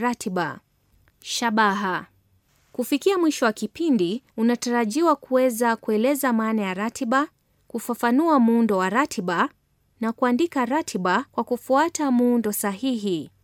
ratiba, shabaha. Kufikia mwisho wa kipindi, unatarajiwa kuweza kueleza maana ya ratiba, kufafanua muundo wa ratiba na kuandika ratiba kwa kufuata muundo sahihi.